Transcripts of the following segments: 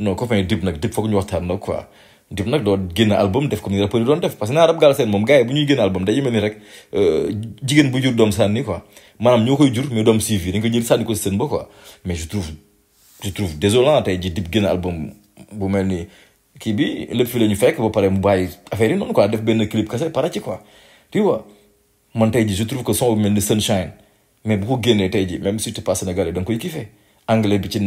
non ko fin dip nak dip ñu waxtaan nak quoi dip nak do album def comme ni def parce que gars bu ñuy un album day melni rek euh jigen bu jur dom sanni quoi manam ñokoy jur mais dom dañ ko jël sanni ko quoi mais je trouve je trouve désolant tay album bu melni qui bi plus fi la fekk bo paré mu bay affaire non quoi def clip quoi tu vois mon je trouve que son bu sunshine mais bu ko même si tu pas sénégalais da koy anglais bi ci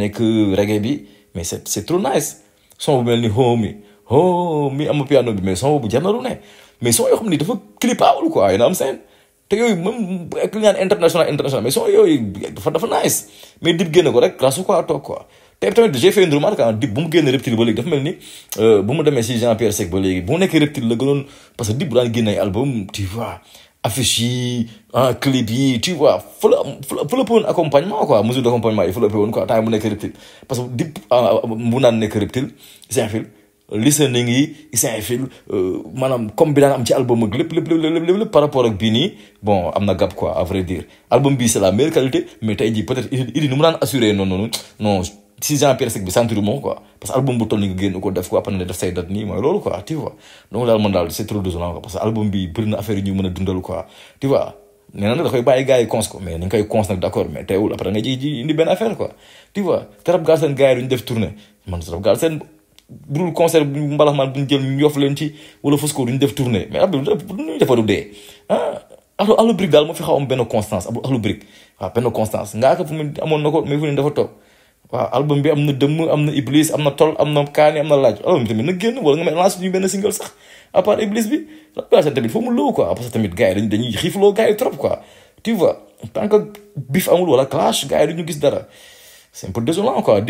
reggae mais c'est c'est trop nice son bu mel ni homie homie ama piano bi mais son bu jar na lu mais son yoo xam ni dafa clipable quoi yéen a am seen te yooyu même ak li naan international international mais son yooyu dafa nice mais dib génne ko rek grâce quoi toog quoi. te tamit j'ai fait une remarque ah dib bu mu génne reptile ba léegi dafa mel ni euh, bu mu demee si Jean Pierre Seck ba léegi bu mu nekkee reptile la gënoon parce que dib bu daan génne ay album tu affiché, un clip tu vois, faut le pour accompagnement, quoi, mesure d'accompagnement, il faut le quoi, que pour un Parce que, ah, c'est un film. listening c'est un film euh, madame comme bi album par rapport à Bini. bon am gap quoi à vrai dire album B c'est la meilleure qualité mais peut-être il est nous assuré non, non, non 6 Pierre Seck bi sentir moom quoi parce que album bu toll ni nga génn ko def ko après def say date nii mooy loolu quoi tu vois donc daal man daal c'est trop désolant quoi parce album bi bëri na affaire daal moo fi benn constance ahlu brique waaw benn constance ngaa ko fu mu amoon na ko fu ne dafa toog waaw album bi am na dëmm am na iblis am na tol am na kaani am na laaj album bi tamit na génn wala nga may lancer ñu benn single sax à part iblis bi waaw tamit foo mu loo quoi parce que tamit gars yi dañuy xiifloo gars yi trop quoi tu vois tant que amul wala clash gars yi duñu gis dara c'est un peu désolant quoi.